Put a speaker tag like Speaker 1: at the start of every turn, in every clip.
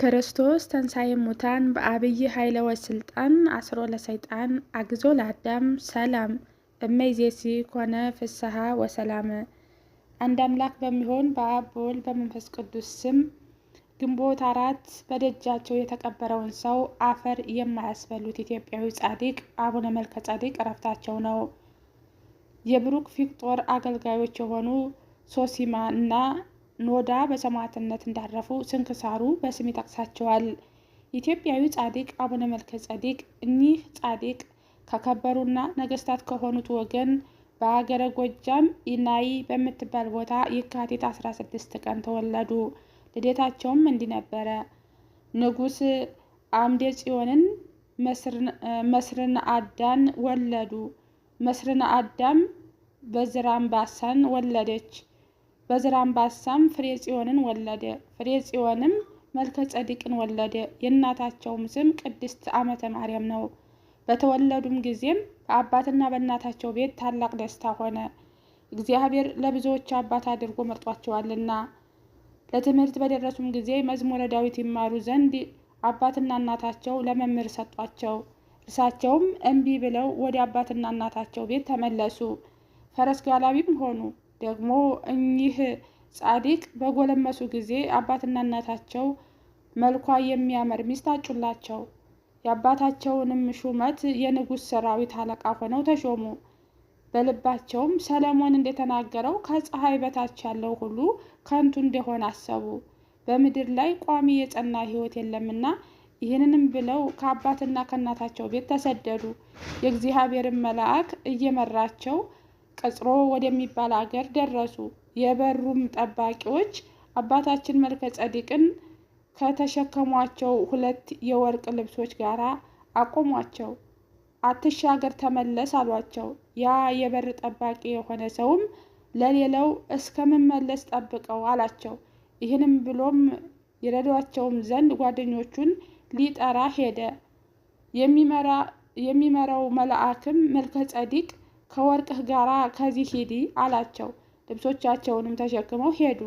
Speaker 1: ክርስቶስ ተንሳይ ሙታን በአብይ ኃይለ ወስልጣን አስሮ ለሰይጣን አግዞ ለአዳም ሰላም እመይዜሲ ኮነ ፍስሐ ወሰላመ። አንድ አምላክ በሚሆን በአብ በወልድ በመንፈስ ቅዱስ ስም ግንቦት አራት በደጃቸው የተቀበረውን ሰው አፈር የማያስበሉት ኢትዮጵያዊ ጻድቅ አቡነ መልከ ጻድቅ እረፍታቸው ነው። የብሩክ ፊቅጦር አገልጋዮች የሆኑ ሶሲማ እና ኖዳ በሰማዕትነት እንዳረፉ ስንክሳሩ በስም ይጠቅሳቸዋል። ኢትዮጵያዊ ጻድቅ አቡነ መልከ ጸዲቅ እኚህ ጻድቅ ከከበሩና ነገስታት ከሆኑት ወገን በአገረ ጎጃም ኢናይ በምትባል ቦታ የካቲት 16 ቀን ተወለዱ። ልደታቸውም እንዲህ ነበረ። ንጉሥ አምደ ጽዮንን መስርነ አዳን ወለዱ። መስርነ አዳም በዝራምባሳን ወለደች። በዝራምባሳም ፍሬ ጽዮንን ወለደ። ፍሬ ጽዮንም መልከ ጸዲቅን ወለደ። የእናታቸውም ስም ቅድስት ዓመተ ማርያም ነው። በተወለዱም ጊዜም በአባትና በእናታቸው ቤት ታላቅ ደስታ ሆነ፣ እግዚአብሔር ለብዙዎች አባት አድርጎ መርጧቸዋልና። ለትምህርት በደረሱም ጊዜ መዝሙረ ዳዊት ይማሩ ዘንድ አባትና እናታቸው ለመምህር ሰጧቸው። እርሳቸውም እምቢ ብለው ወደ አባትና እናታቸው ቤት ተመለሱ። ፈረስ ጋላቢም ሆኑ። ደግሞ እኚህ ጻድቅ በጎለመሱ ጊዜ አባትና እናታቸው መልኳ የሚያምር ሚስት አጩላቸው። የአባታቸውንም ሹመት የንጉሥ ሰራዊት አለቃ ሆነው ተሾሙ። በልባቸውም ሰለሞን እንደተናገረው ከፀሐይ በታች ያለው ሁሉ ከንቱ እንደሆነ አሰቡ። በምድር ላይ ቋሚ የጸና ሕይወት የለምና ይህንንም ብለው ከአባትና ከእናታቸው ቤት ተሰደዱ። የእግዚአብሔርን መልአክ እየመራቸው ቀጽሮ ወደሚባል አገር ደረሱ። የበሩም ጠባቂዎች አባታችን መልከ ጸዲቅን ከተሸከሟቸው ሁለት የወርቅ ልብሶች ጋር አቆሟቸው። አትሻገር ተመለስ አሏቸው። ያ የበር ጠባቂ የሆነ ሰውም ለሌላው እስከምመለስ ጠብቀው አላቸው። ይህንም ብሎም የረዷቸውም ዘንድ ጓደኞቹን ሊጠራ ሄደ። የሚመራው መልአክም መልከ ጸዲቅ ከወርቅህ ጋር ከዚህ ሂዲ አላቸው። ልብሶቻቸውንም ተሸክመው ሄዱ።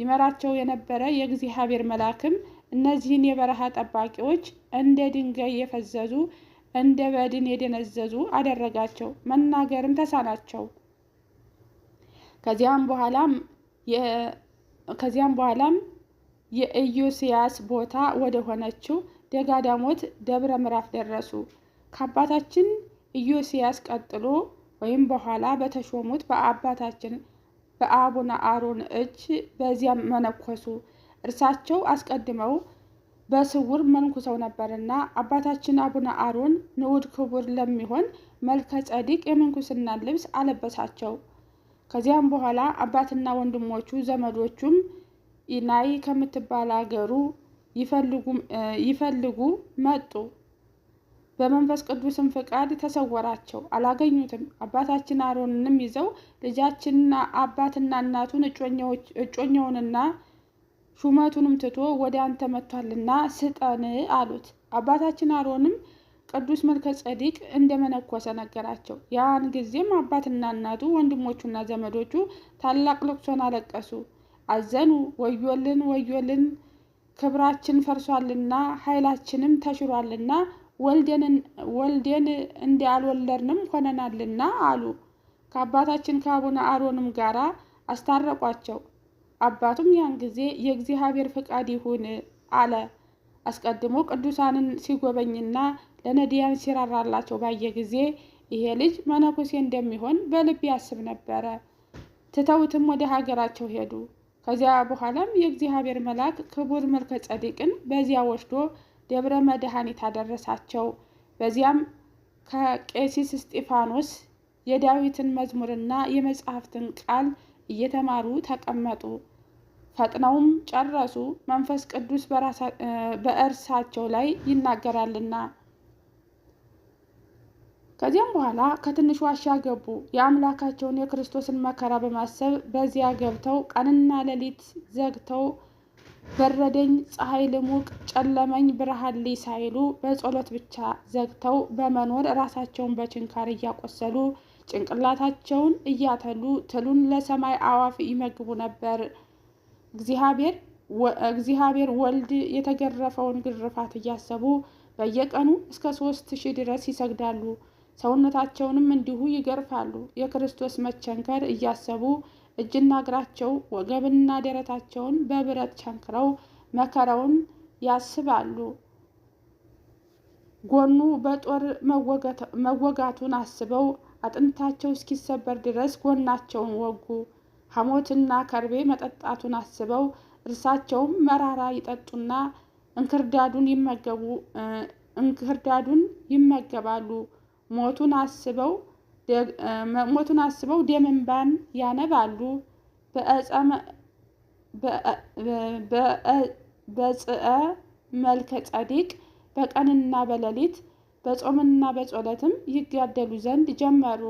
Speaker 1: ይመራቸው የነበረ የእግዚአብሔር መልአክም እነዚህን የበረሃ ጠባቂዎች እንደ ድንጋይ የፈዘዙ እንደ በድን የደነዘዙ አደረጋቸው። መናገርም ተሳናቸው። ከዚያም በኋላም ከዚያም በኋላም የኢዮስያስ ቦታ ወደ ሆነችው ደጋዳሞት ደብረ ምዕራፍ ደረሱ። ከአባታችን ኢዮስያስ ቀጥሎ ወይም በኋላ በተሾሙት በአባታችን በአቡነ አሮን እጅ በዚያ መነኮሱ። እርሳቸው አስቀድመው በስውር መንኩሰው ነበርና አባታችን አቡነ አሮን ንዑድ ክቡር ለሚሆን መልከ ጸዲቅ የምንኩስና ልብስ አለበሳቸው። ከዚያም በኋላ አባትና ወንድሞቹ ዘመዶቹም ኢናይ ከምትባል አገሩ ይፈልጉ መጡ። በመንፈስ ቅዱስም ፍቃድ ተሰወራቸው፣ አላገኙትም። አባታችን አሮንንም ይዘው ልጃችንና አባትና እናቱን እጮኛውንና ሹመቱንም ትቶ ወደ አንተ መጥቷልና ስጠን አሉት። አባታችን አሮንም ቅዱስ መልከ ጸዲቅ እንደ መነኮሰ ነገራቸው። ያን ጊዜም አባትና እናቱ ወንድሞቹና ዘመዶቹ ታላቅ ልቅሶን አለቀሱ፣ አዘኑ። ወዮልን ወዮልን፣ ክብራችን ፈርሷልና ኃይላችንም ተሽሯልና ወልዴን እንደ አልወለድንም ሆነናልና አሉ። ከአባታችን ከአቡነ አሮንም ጋር አስታረቋቸው። አባቱም ያን ጊዜ የእግዚአብሔር ፈቃድ ይሁን አለ። አስቀድሞ ቅዱሳንን ሲጎበኝና ለነዲያን ሲራራላቸው ባየ ጊዜ ይሄ ልጅ መነኮሴ እንደሚሆን በልብ ያስብ ነበረ። ትተውትም ወደ ሀገራቸው ሄዱ። ከዚያ በኋላም የእግዚአብሔር መልአክ ክቡር መልከ ጸዲቅን በዚያ ወስዶ ደብረ መድኃኒት አደረሳቸው። በዚያም ከቄሲስ እስጢፋኖስ የዳዊትን መዝሙርና የመጽሐፍትን ቃል እየተማሩ ተቀመጡ። ፈጥነውም ጨረሱ፣ መንፈስ ቅዱስ በእርሳቸው ላይ ይናገራልና። ከዚያም በኋላ ከትንሽ ዋሻ ገቡ። የአምላካቸውን የክርስቶስን መከራ በማሰብ በዚያ ገብተው ቀንና ሌሊት ዘግተው በረደኝ፣ ፀሐይ ልሙቅ፣ ጨለመኝ፣ ብርሃን ሳይሉ በጸሎት ብቻ ዘግተው በመኖር ራሳቸውን በችንካር እያቆሰሉ ጭንቅላታቸውን እያተሉ ትሉን ለሰማይ አዋፍ ይመግቡ ነበር። እግዚአብሔር ወልድ የተገረፈውን ግርፋት እያሰቡ በየቀኑ እስከ ሶስት ሺህ ድረስ ይሰግዳሉ። ሰውነታቸውንም እንዲሁ ይገርፋሉ። የክርስቶስ መቸንከር እያሰቡ እጅና እግራቸው ወገብና ደረታቸውን በብረት ቸንክረው መከራውን ያስባሉ። ጎኑ በጦር መወጋቱን አስበው አጥንታቸው እስኪሰበር ድረስ ጎናቸውን ወጉ። ሐሞትና ከርቤ መጠጣቱን አስበው እርሳቸውም መራራ ይጠጡና እንክርዳዱን ይመገቡ እንክርዳዱን ይመገባሉ። ሞቱን አስበው ሞቱን አስበው ደም እንባን ያነባሉ። በጽአ መልከ ጸዲቅ በቀንና በሌሊት በጾምና በጸሎትም ይጋደሉ ዘንድ ጀመሩ።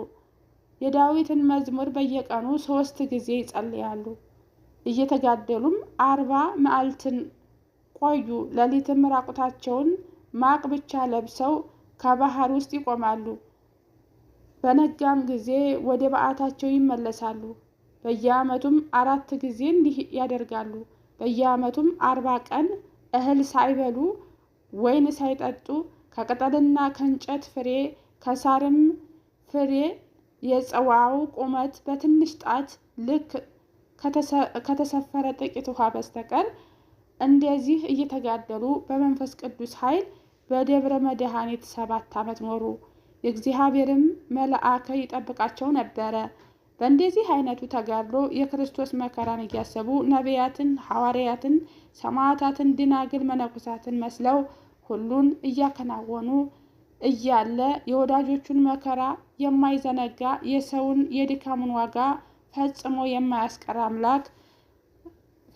Speaker 1: የዳዊትን መዝሙር በየቀኑ ሶስት ጊዜ ይጸልያሉ። እየተጋደሉም አርባ መዓልትን ቆዩ። ሌሊትም ራቁታቸውን ማቅ ብቻ ለብሰው ከባህር ውስጥ ይቆማሉ። በነጋም ጊዜ ወደ በዓታቸው ይመለሳሉ። በየዓመቱም አራት ጊዜ እንዲህ ያደርጋሉ። በየዓመቱም አርባ ቀን እህል ሳይበሉ ወይን ሳይጠጡ ከቅጠልና ከእንጨት ፍሬ ከሳርም ፍሬ የጽዋው ቁመት በትንሽ ጣት ልክ ከተሰፈረ ጥቂት ውሃ በስተቀር እንደዚህ እየተጋደሉ በመንፈስ ቅዱስ ኃይል በደብረ መድኃኒት ሰባት ዓመት ኖሩ። የእግዚአብሔርም መልአከ ይጠብቃቸው ነበረ። በእንደዚህ አይነቱ ተጋድሎ የክርስቶስ መከራን እያሰቡ ነቢያትን፣ ሐዋርያትን፣ ሰማዕታትን፣ ድናግል፣ መነኮሳትን መስለው ሁሉን እያከናወኑ እያለ የወዳጆቹን መከራ የማይዘነጋ የሰውን የድካሙን ዋጋ ፈጽሞ የማያስቀር አምላክ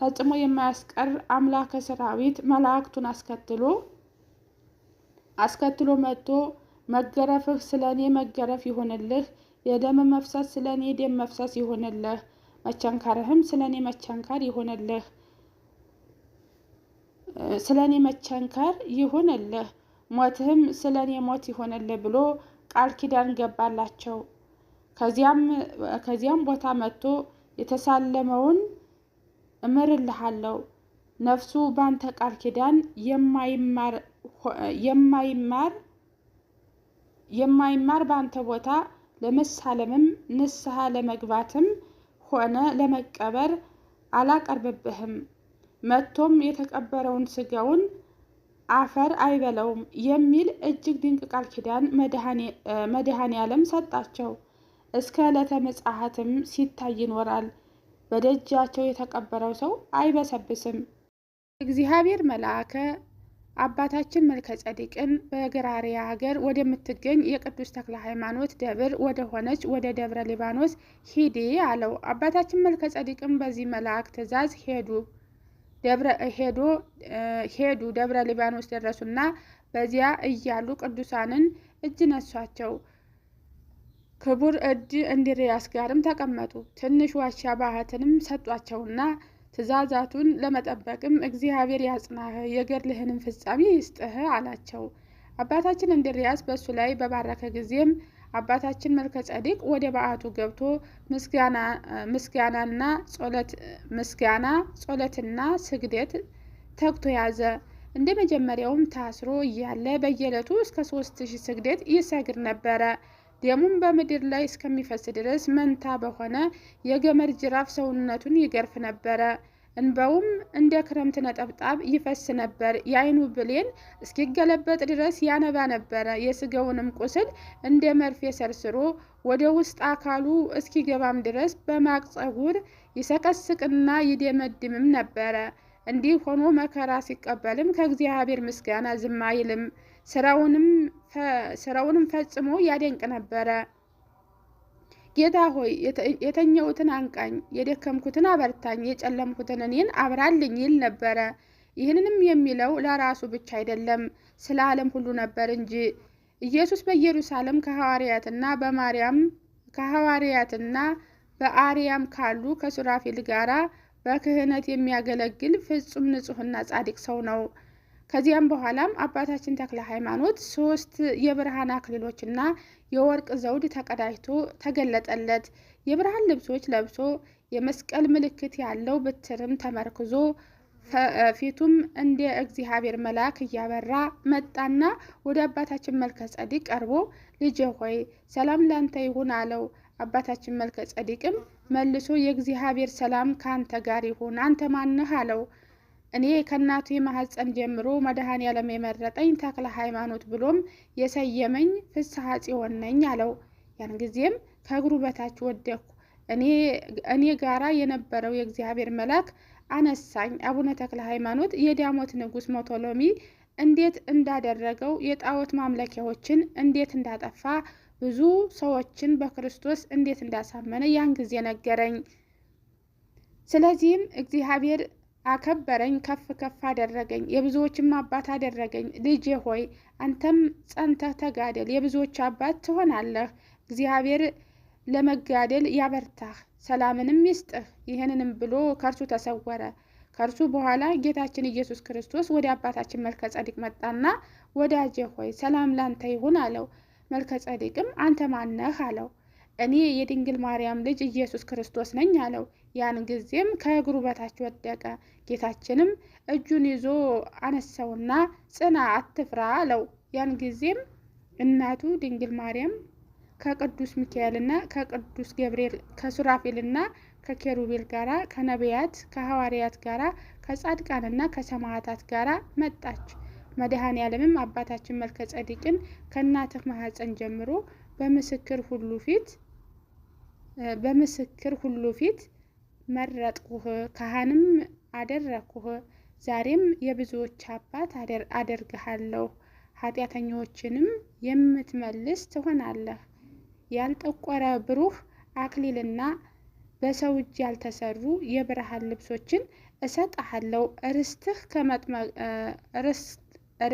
Speaker 1: ፈጽሞ የማያስቀር አምላከ ሰራዊት መላእክቱን አስከትሎ አስከትሎ መጥቶ መገረፍህ ስለ እኔ መገረፍ ይሆንልህ፣ የደም መፍሰስ ስለ እኔ ደም መፍሰስ ይሆንልህ፣ መቸንካርህም ስለ እኔ መቸንካር ይሆንልህ ስለ እኔ መቸንከር ይሆንልህ፣ ሞትህም ስለ እኔ ሞት ይሆንልህ ብሎ ቃል ኪዳን ገባላቸው። ከዚያም ቦታ መጥቶ የተሳለመውን እምርልሃለሁ ነፍሱ ባንተ ቃል ኪዳን የማይማር የማይማር በአንተ ቦታ ለመሳለምም ንስሐ ለመግባትም ሆነ ለመቀበር አላቀርብብህም። መጥቶም የተቀበረውን ስጋውን አፈር አይበለውም የሚል እጅግ ድንቅ ቃል ኪዳን መድኃኔ ዓለም ሰጣቸው። እስከ ዕለተ ምጽአትም ሲታይ ይኖራል። በደጃቸው የተቀበረው ሰው አይበሰብስም። እግዚአብሔር መልአከ አባታችን መልከ ጸዲቅን በግራሪያ ሀገር ወደምትገኝ የቅዱስ ተክለ ሃይማኖት ደብር ወደ ሆነች ወደ ደብረ ሊባኖስ ሂዲ አለው። አባታችን መልከ ጸዲቅም በዚህ መልአክ ትእዛዝ ሄዱ ሄዱ ደብረ ሊባኖስ ደረሱና በዚያ እያሉ ቅዱሳንን እጅ ነሷቸው። ክቡር እድ እንድርያስ ጋርም ተቀመጡ። ትንሽ ዋሻ ባህትንም ሰጧቸውና ትእዛዛቱን ለመጠበቅም እግዚአብሔር ያጽናህ የገድልህንም ፍጻሜ ይስጥህ አላቸው። አባታችን እንድርያስ በእሱ ላይ በባረከ ጊዜም አባታችን መልከ ጸዲቅ ወደ በዓቱ ገብቶ ምስጋናና ጸሎት ምስጋና ጸሎትና ስግደት ተግቶ ያዘ። እንደ መጀመሪያውም ታስሮ እያለ በየዕለቱ እስከ ሶስት ሺህ ስግደት ይሰግድ ነበረ። ደሙም በምድር ላይ እስከሚፈስ ድረስ መንታ በሆነ የገመድ ጅራፍ ሰውነቱን ይገርፍ ነበረ። እንበውም እንደ ክረምት ነጠብጣብ ይፈስ ነበር። የአይኑ ብሌን እስኪገለበጥ ድረስ ያነባ ነበረ። የስጋውንም ቁስል እንደ መርፌ ሰርስሮ ወደ ውስጥ አካሉ እስኪገባም ድረስ በማቅ ጸጉር ይሰቀስቅና ይደመድምም ነበረ። እንዲህ ሆኖ መከራ ሲቀበልም ከእግዚአብሔር ምስጋና ዝም አይልም። ስራውንም ፈጽሞ ያደንቅ ነበረ። ጌታ ሆይ የተኛሁትን አንቃኝ፣ የደከምኩትን አበርታኝ፣ የጨለምኩትን እኔን አብራልኝ ይል ነበረ። ይህንንም የሚለው ለራሱ ብቻ አይደለም፣ ስለ ዓለም ሁሉ ነበር እንጂ። ኢየሱስ በኢየሩሳሌም ከሐዋርያትና በማርያም ከሐዋርያትና በአርያም ካሉ ከሱራፊል ጋራ በክህነት የሚያገለግል ፍጹም ንጹሕና ጻድቅ ሰው ነው። ከዚያም በኋላም አባታችን ተክለ ሃይማኖት ሶስት የብርሃን አክሊሎችና የወርቅ ዘውድ ተቀዳጅቶ ተገለጠለት። የብርሃን ልብሶች ለብሶ የመስቀል ምልክት ያለው በትርም ተመርክዞ ፊቱም እንደ እግዚአብሔር መልአክ እያበራ መጣና ወደ አባታችን መልከ ጸዲቅ ቀርቦ ልጄ ሆይ ሰላም ላንተ ይሁን አለው። አባታችን መልከ ጸዲቅም መልሶ የእግዚአብሔር ሰላም ከአንተ ጋር ይሁን አንተ ማነህ አለው። እኔ ከእናቱ የማህፀን ጀምሮ መድኃኔዓለም የመረጠኝ ተክለ ሃይማኖት ብሎም የሰየመኝ ፍስሐ ጽዮን ነኝ አለው። ያን ጊዜም ከእግሩ በታች ወደኩ እኔ ጋራ የነበረው የእግዚአብሔር መልአክ አነሳኝ። አቡነ ተክለ ሃይማኖት የዳሞት ንጉሥ ሞቶሎሚ እንዴት እንዳደረገው የጣዖት ማምለኪያዎችን እንዴት እንዳጠፋ ብዙ ሰዎችን በክርስቶስ እንዴት እንዳሳመነ ያን ጊዜ ነገረኝ። ስለዚህም እግዚአብሔር አከበረኝ፣ ከፍ ከፍ አደረገኝ፣ የብዙዎችም አባት አደረገኝ። ልጄ ሆይ አንተም ጸንተህ ተጋደል፣ የብዙዎች አባት ትሆናለህ። እግዚአብሔር ለመጋደል ያበርታህ፣ ሰላምንም ይስጥህ። ይህንንም ብሎ ከእርሱ ተሰወረ። ከእርሱ በኋላ ጌታችን ኢየሱስ ክርስቶስ ወደ አባታችን መልከ ጸዲቅ መጣና ወዳጄ ሆይ ሰላም ላንተ ይሁን አለው። መልከ ጸዲቅም አንተ ማነህ አለው። እኔ የድንግል ማርያም ልጅ ኢየሱስ ክርስቶስ ነኝ አለው። ያን ጊዜም ከእግሩ በታች ወደቀ። ጌታችንም እጁን ይዞ አነሳውና ጽና፣ አትፍራ አለው። ያን ጊዜም እናቱ ድንግል ማርያም ከቅዱስ ሚካኤልና ከቅዱስ ገብርኤል ከሱራፌልና ከኬሩቤል ጋራ ከነቢያት ከሐዋርያት ጋራ ከጻድቃንና ከሰማዕታት ጋራ መጣች። መድኃኔ ዓለምም አባታችን መልከ ጸዲቅን ከእናትህ ማኅፀን ጀምሮ በምስክር ሁሉ ፊት በምስክር ሁሉ ፊት መረጥኩህ፣ ካህንም አደረግኩህ። ዛሬም የብዙዎች አባት አደርግሃለሁ፣ ኃጢአተኞችንም የምትመልስ ትሆናለህ። ያልጠቆረ ብሩህ አክሊልና በሰው እጅ ያልተሰሩ የብርሃን ልብሶችን እሰጥሃለሁ።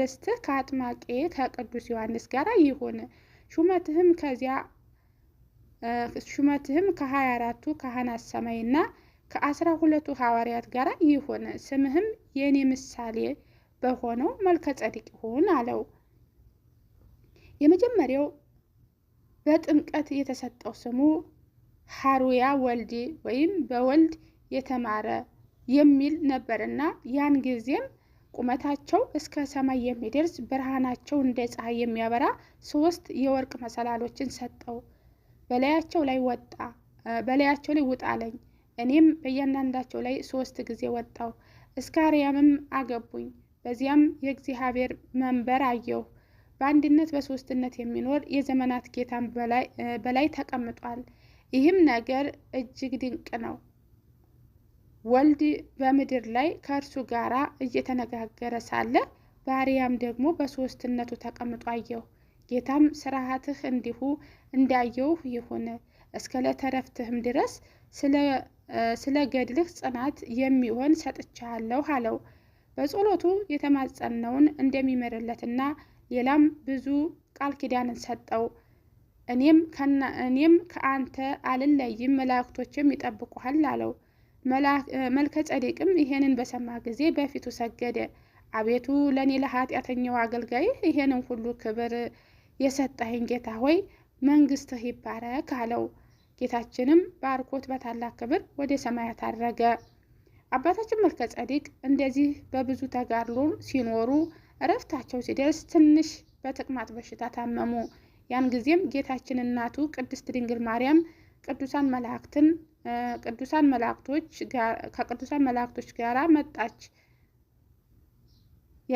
Speaker 1: ርስትህ ከአጥማቄ ከቅዱስ ዮሐንስ ጋር ይሁን። ሹመትህም ከዚያ ሹመትህም ከሀያ አራቱ ካህናት ሰማይና ከአስራ ሁለቱ ሐዋርያት ጋር ይሁን። ስምህም የእኔ ምሳሌ በሆነው መልከ ጸድቅ ይሁን አለው። የመጀመሪያው በጥምቀት የተሰጠው ስሙ ሐሩያ ወልዴ ወይም በወልድ የተማረ የሚል ነበርና ያን ጊዜም ቁመታቸው እስከ ሰማይ የሚደርስ ብርሃናቸው እንደ ፀሐይ የሚያበራ ሶስት የወርቅ መሰላሎችን ሰጠው። በላያቸው ላይ ወጣ በላያቸው ላይ ውጣለኝ። እኔም በእያንዳንዳቸው ላይ ሶስት ጊዜ ወጣው። እስከ አርያምም አገቡኝ። በዚያም የእግዚአብሔር መንበር አየሁ። በአንድነት በሶስትነት የሚኖር የዘመናት ጌታን በላይ ተቀምጧል። ይህም ነገር እጅግ ድንቅ ነው። ወልድ በምድር ላይ ከእርሱ ጋር እየተነጋገረ ሳለ በአርያም ደግሞ በሶስትነቱ ተቀምጦ አየሁ። ጌታም ስርዓትህ እንዲሁ እንዳየው ይሁን እስከ ለተረፍትህም ድረስ ስለ ገድልህ ጽናት የሚሆን ሰጥቻለሁ አለው። በጸሎቱ የተማጸነውን እንደሚምርለትና ሌላም ብዙ ቃል ኪዳንን ሰጠው። እኔም ከአንተ አልለይም፣ መላእክቶችም ይጠብቁሃል አለው። መልከ ጸዴቅም ይሄንን በሰማ ጊዜ በፊቱ ሰገደ። አቤቱ ለእኔ ለኃጢአተኛው አገልጋይህ ይሄንን ሁሉ ክብር የሰጠህን ጌታ ሆይ መንግስት ይባረክ አለው። ጌታችንም ባርኮት በታላቅ ክብር ወደ ሰማያት አረገ። አባታችን መልከ ጸዲቅ እንደዚህ በብዙ ተጋድሎ ሲኖሩ እረፍታቸው ሲደርስ ትንሽ በተቅማጥ በሽታ ታመሙ። ያን ጊዜም ጌታችን እናቱ ቅድስት ድንግል ማርያም ቅዱሳን መላእክትን ቅዱሳን መላእክቶች ከቅዱሳን መላእክቶች ጋር መጣች።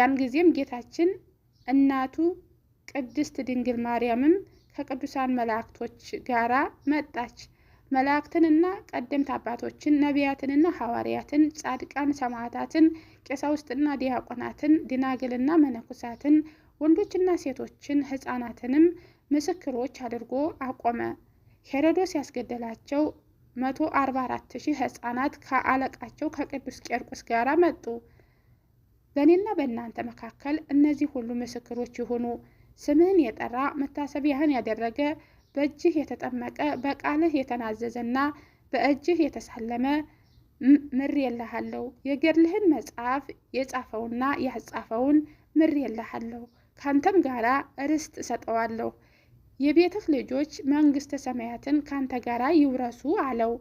Speaker 1: ያን ጊዜም ጌታችን እናቱ ቅድስት ድንግል ማርያምም ከቅዱሳን መላእክቶች ጋራ መጣች። መላእክትንና ቀደምት አባቶችን ነቢያትንና ሐዋርያትን ጻድቃን ሰማዕታትን ቀሳውስትና ዲያቆናትን ድናግልና መነኮሳትን ወንዶችና ሴቶችን ሕፃናትንም ምስክሮች አድርጎ አቆመ። ሄሮዶስ ያስገደላቸው 144 ሺህ ሕፃናት ከአለቃቸው ከቅዱስ ቄርቆስ ጋር መጡ። በእኔና በእናንተ መካከል እነዚህ ሁሉ ምስክሮች ይሁኑ። ስምህን የጠራ መታሰቢያህን ያደረገ በእጅህ የተጠመቀ በቃልህ የተናዘዘና በእጅህ የተሳለመ ምር የለሃለሁ። የገድልህን መጽሐፍ የጻፈውና ያጻፈውን ምር የለሃለሁ። ካንተም ጋራ ርስት እሰጠዋለሁ። የቤትህ ልጆች መንግሥተ ሰማያትን ካንተ ጋራ ይውረሱ አለው።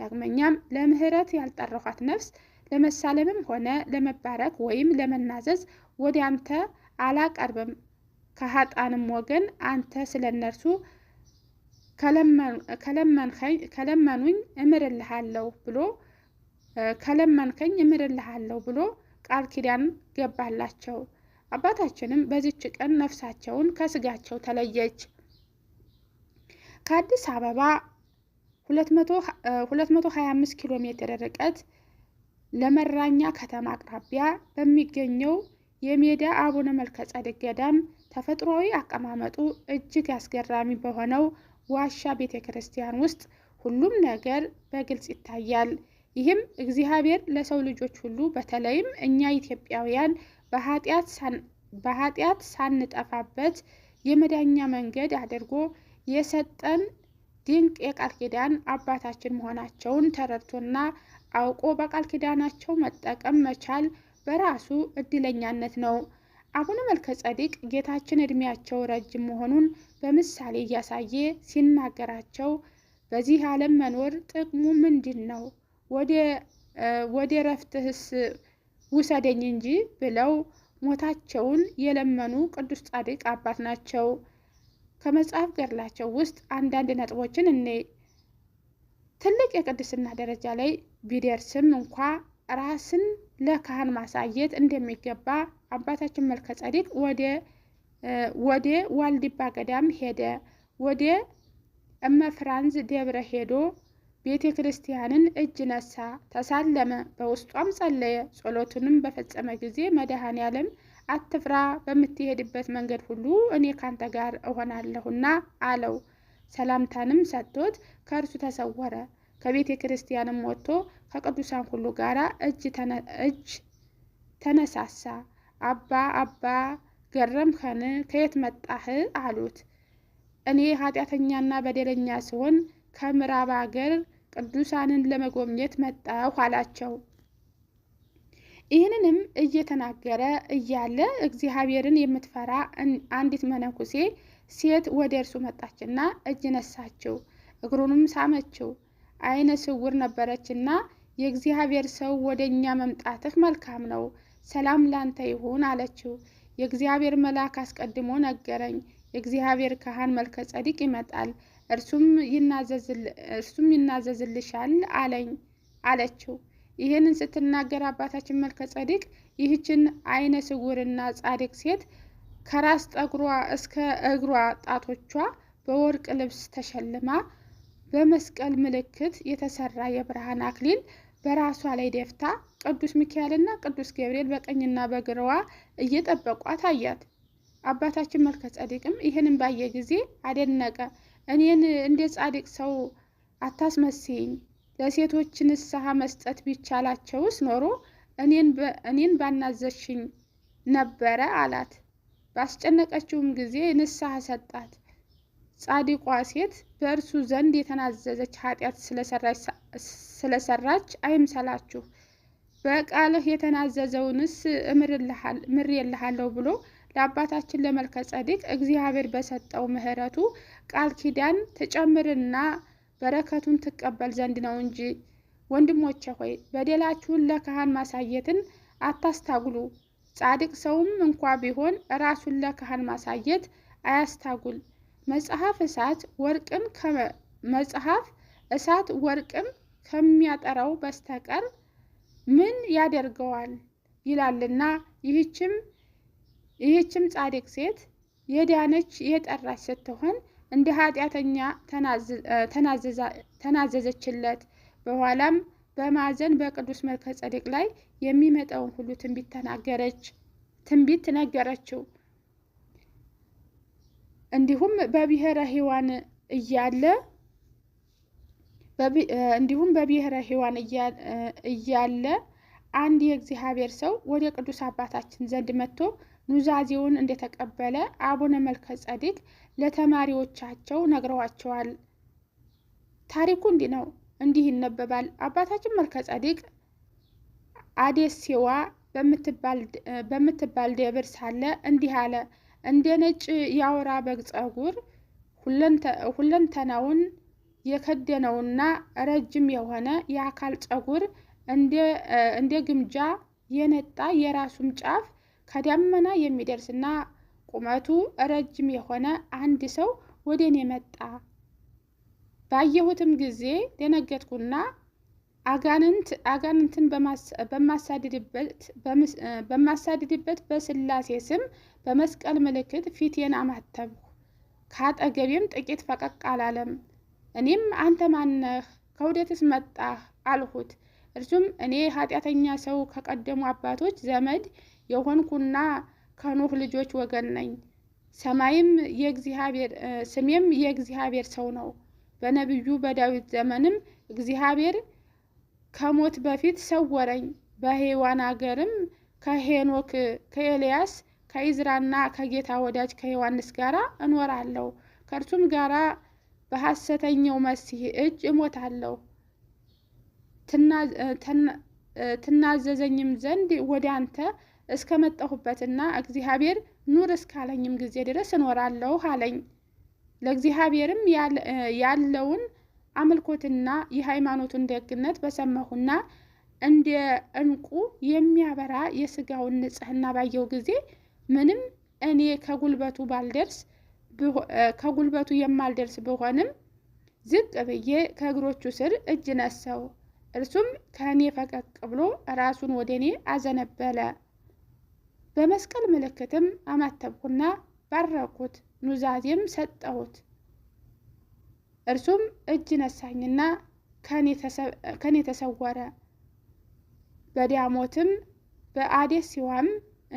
Speaker 1: ዳግመኛም ለምህረት ያልጠረኋት ነፍስ ለመሳለምም ሆነ ለመባረክ ወይም ለመናዘዝ ወደ አንተ አላቀርብም ከሀጣንም ወገን አንተ ስለ እነርሱ ከለመኑኝ እምርልሃለሁ ብሎ ከለመንከኝ እምርልሃለሁ ብሎ ቃል ኪዳን ገባላቸው። አባታችንም በዚች ቀን ነፍሳቸውን ከስጋቸው ተለየች። ከአዲስ አበባ 225 ኪሎ ሜትር ርቀት ለመራኛ ከተማ አቅራቢያ በሚገኘው የሜዳ አቡነ መልከ ገዳም ተፈጥሯዊ አቀማመጡ እጅግ አስገራሚ በሆነው ዋሻ ቤተ ክርስቲያን ውስጥ ሁሉም ነገር በግልጽ ይታያል። ይህም እግዚአብሔር ለሰው ልጆች ሁሉ በተለይም እኛ ኢትዮጵያውያን በኃጢአት ሳንጠፋበት የመዳኛ መንገድ አድርጎ የሰጠን ድንቅ የቃል ኪዳን አባታችን መሆናቸውን ተረድቶና አውቆ በቃል ኪዳናቸው መጠቀም መቻል በራሱ እድለኛነት ነው። አቡነ መልከ ጸዲቅ ጌታችን እድሜያቸው ረጅም መሆኑን በምሳሌ እያሳየ ሲናገራቸው በዚህ ዓለም መኖር ጥቅሙ ምንድን ነው? ወደ ረፍትህስ ውሰደኝ እንጂ ብለው ሞታቸውን የለመኑ ቅዱስ ጻድቅ አባት ናቸው። ከመጽሐፍ ገድላቸው ውስጥ አንዳንድ ነጥቦችን እኔ ትልቅ የቅድስና ደረጃ ላይ ቢደርስም እንኳ ራስን ለካህን ማሳየት እንደሚገባ አባታችን መልከ ጸዲቅ ወደ ዋልድባ ገዳም ሄደ። ወደ እመፍራንዝ ደብረ ሄዶ ቤተ ክርስቲያንን እጅ ነሳ፣ ተሳለመ፣ በውስጧም ጸለየ። ጸሎቱንም በፈጸመ ጊዜ መድኃኔ ዓለም አትፍራ፣ በምትሄድበት መንገድ ሁሉ እኔ ካንተ ጋር እሆናለሁና አለው። ሰላምታንም ሰጥቶት ከእርሱ ተሰወረ። ከቤተ ክርስቲያንም ወጥቶ ከቅዱሳን ሁሉ ጋር እጅ ተነሳሳ። አባ አባ ገረምከን ከየት መጣህ አሉት። እኔ ኃጢአተኛና በደለኛ ስሆን ከምዕራብ አገር ቅዱሳንን ለመጎብኘት መጣሁ አላቸው። ይህንንም እየተናገረ እያለ እግዚአብሔርን የምትፈራ አንዲት መነኩሴ ሴት ወደ እርሱ መጣችና እጅ ነሳችው፣ እግሩንም ሳመችው። አይነ ስውር ነበረችና የእግዚአብሔር ሰው ወደ እኛ መምጣትህ መልካም ነው ሰላም ላንተ ይሁን አለችው። የእግዚአብሔር መልአክ አስቀድሞ ነገረኝ፣ የእግዚአብሔር ካህን መልከ ጸዲቅ ይመጣል፣ እርሱም ይናዘዝልሻል አለኝ አለችው። ይህንን ስትናገር አባታችን መልከ ጸዲቅ ይህችን አይነ ስውርና ጻድቅ ሴት ከራስ ጠጉሯ እስከ እግሯ ጣቶቿ በወርቅ ልብስ ተሸልማ በመስቀል ምልክት የተሰራ የብርሃን አክሊል በራሷ ላይ ደፍታ ቅዱስ ሚካኤልና ቅዱስ ገብርኤል በቀኝና በግራዋ እየጠበቋት አያት። አባታችን መልከ ጸዲቅም ይህንን ባየ ጊዜ አደነቀ። እኔን እንደ ጻድቅ ሰው አታስመስይኝ። ለሴቶች ንስሐ መስጠት ቢቻላቸውስ ኖሮ እኔን ባናዘሽኝ ነበረ አላት። ባስጨነቀችውም ጊዜ ንስሐ ሰጣት። ጻድቋ ሴት በእርሱ ዘንድ የተናዘዘች ኃጢአት ስለሰራች አይምሰላችሁ። በቃልህ የተናዘዘውንስ ምሬልሃለሁ ብሎ ለአባታችን ለመልከ ጸዲቅ እግዚአብሔር በሰጠው ምሕረቱ ቃል ኪዳን ትጨምርና በረከቱን ትቀበል ዘንድ ነው እንጂ። ወንድሞቼ ሆይ በደላችሁን ለካህን ማሳየትን አታስታጉሉ። ጻድቅ ሰውም እንኳ ቢሆን ራሱን ለካህን ማሳየት አያስታጉል። መጽሐፍ እሳት ወርቅን መጽሐፍ እሳት ወርቅን ከሚያጠራው በስተቀር ምን ያደርገዋል ይላልና ይህችም ይህችም ጻድቅ ሴት የዳነች የጠራች ስትሆን እንደ ኃጢአተኛ ተናዘዘችለት። በኋላም በማዘን በቅዱስ መልከ ጼዴቅ ላይ የሚመጣውን ሁሉ ትንቢት ተናገረች፣ ትንቢት ነገረችው። እንዲሁም በብሔረ ሕያዋን እያለ እንዲሁም በብሔረ ሕያዋን እያለ አንድ የእግዚአብሔር ሰው ወደ ቅዱስ አባታችን ዘንድ መጥቶ ኑዛዜውን እንደተቀበለ አቡነ መልከ ጸዲቅ ለተማሪዎቻቸው ነግረዋቸዋል። ታሪኩ እንዲህ ነው፣ እንዲህ ይነበባል። አባታችን መልከ ጸዲቅ አዴሴዋ በምትባል ደብር ሳለ እንዲህ አለ። እንደ ነጭ የአውራ በግ ጸጉር ሁለንተናውን የከደነውና ረጅም የሆነ የአካል ፀጉር እንደ ግምጃ የነጣ የራሱም ጫፍ ከደመና የሚደርስና ቁመቱ ረጅም የሆነ አንድ ሰው ወደ እኔ መጣ። ባየሁትም ጊዜ ደነገጥኩና አጋንንት አጋንንትን በማሳድድበት በስላሴ ስም በመስቀል ምልክት ፊቴን አማተብኩ። ከአጠገቤም ጥቂት ፈቀቅ አላለም። እኔም አንተ ማነህ ከውዴትስ መጣህ አልሁት። እርሱም እኔ ኃጢአተኛ ሰው ከቀደሙ አባቶች ዘመድ የሆንኩና ከኖህ ልጆች ወገን ነኝ። ሰማይም የእግዚአብሔር ስሜም የእግዚአብሔር ሰው ነው። በነቢዩ በዳዊት ዘመንም እግዚአብሔር ከሞት በፊት ሰወረኝ። በሔዋን አገርም ከሄኖክ ከኤልያስ ከኢዝራና ከጌታ ወዳጅ ከዮሐንስ ጋር እኖራለሁ ከእርሱም ጋራ በሐሰተኛው መሲህ እጅ እሞታለሁ ትናዘዘኝም ዘንድ ወደ አንተ እስከመጣሁበትና እግዚአብሔር ኑር እስካለኝም ጊዜ ድረስ እኖራለሁ አለኝ። ለእግዚአብሔርም ያለውን አምልኮትና የሃይማኖቱን ደግነት በሰማሁና እንደ እንቁ የሚያበራ የስጋውን ንጽህና ባየው ጊዜ ምንም እኔ ከጉልበቱ ባልደርስ ከጉልበቱ የማልደርስ ብሆንም ዝቅ ብዬ ከእግሮቹ ስር እጅ ነሳው። እርሱም ከእኔ ፈቀቅ ብሎ ራሱን ወደ እኔ አዘነበለ። በመስቀል ምልክትም አማተብኩና ባረኩት፣ ኑዛዜም ሰጠሁት። እርሱም እጅ ነሳኝና ከእኔ ተሰወረ። በዳሞትም በአዴሲዋም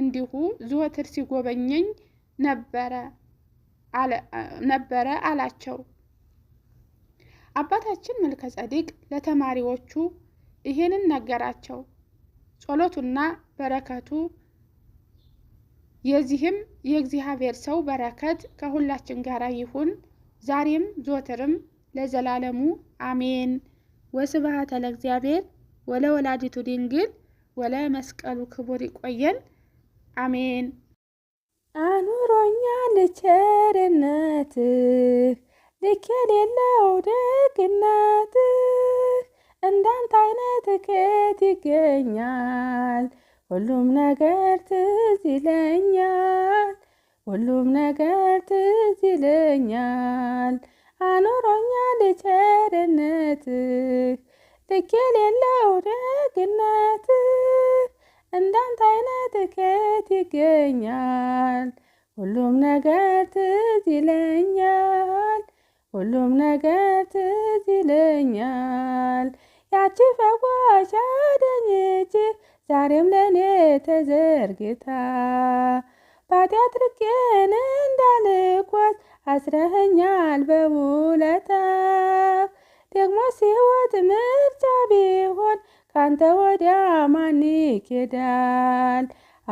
Speaker 1: እንዲሁ ዘወትር ሲጎበኘኝ ነበረ። ነበረ አላቸው። አባታችን መልከ ጸዲቅ ለተማሪዎቹ ይህንን ነገራቸው። ጸሎቱና በረከቱ የዚህም የእግዚአብሔር ሰው በረከት ከሁላችን ጋር ይሁን ዛሬም ዞትርም ለዘላለሙ አሜን። ወስብሐት ለእግዚአብሔር ወለ ወላዲቱ ድንግል ወለ መስቀሉ ክቡር ይቆየን። አሜን።
Speaker 2: አኑሮኛል ቸርነትህ ልክ የሌለው ደግነትህ እንዳንተ አይነት ከየት ይገኛል? ሁሉም ነገር ትዝ ይለኛል፣ ሁሉም ነገር ትዝ ይለኛል። አኑሮኛል ቸርነትህ ልክ የሌለው ደግነትህ እንዳንተ አይነት ከየት ይገኛል? ሁሉም ነገር ትዝ ይለኛል፣ ሁሉም ነገር ትዝ ይለኛል። ያቺ ፈዋሽ አዳኝ ዛሬም ለእኔ ተዘርግታ ባጢአት ርቄን እንዳልኳት አስረኸኛል በውለታ ደግሞ ሲወት ምርጫ ቢሆን ካንተ ወዲያ ማን ይኬዳል?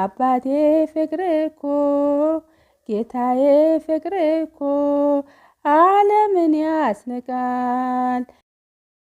Speaker 2: አባቴ ፍቅር እኮ ጌታዬ ፍቅር እኮ ዓለምን ያስንቃል።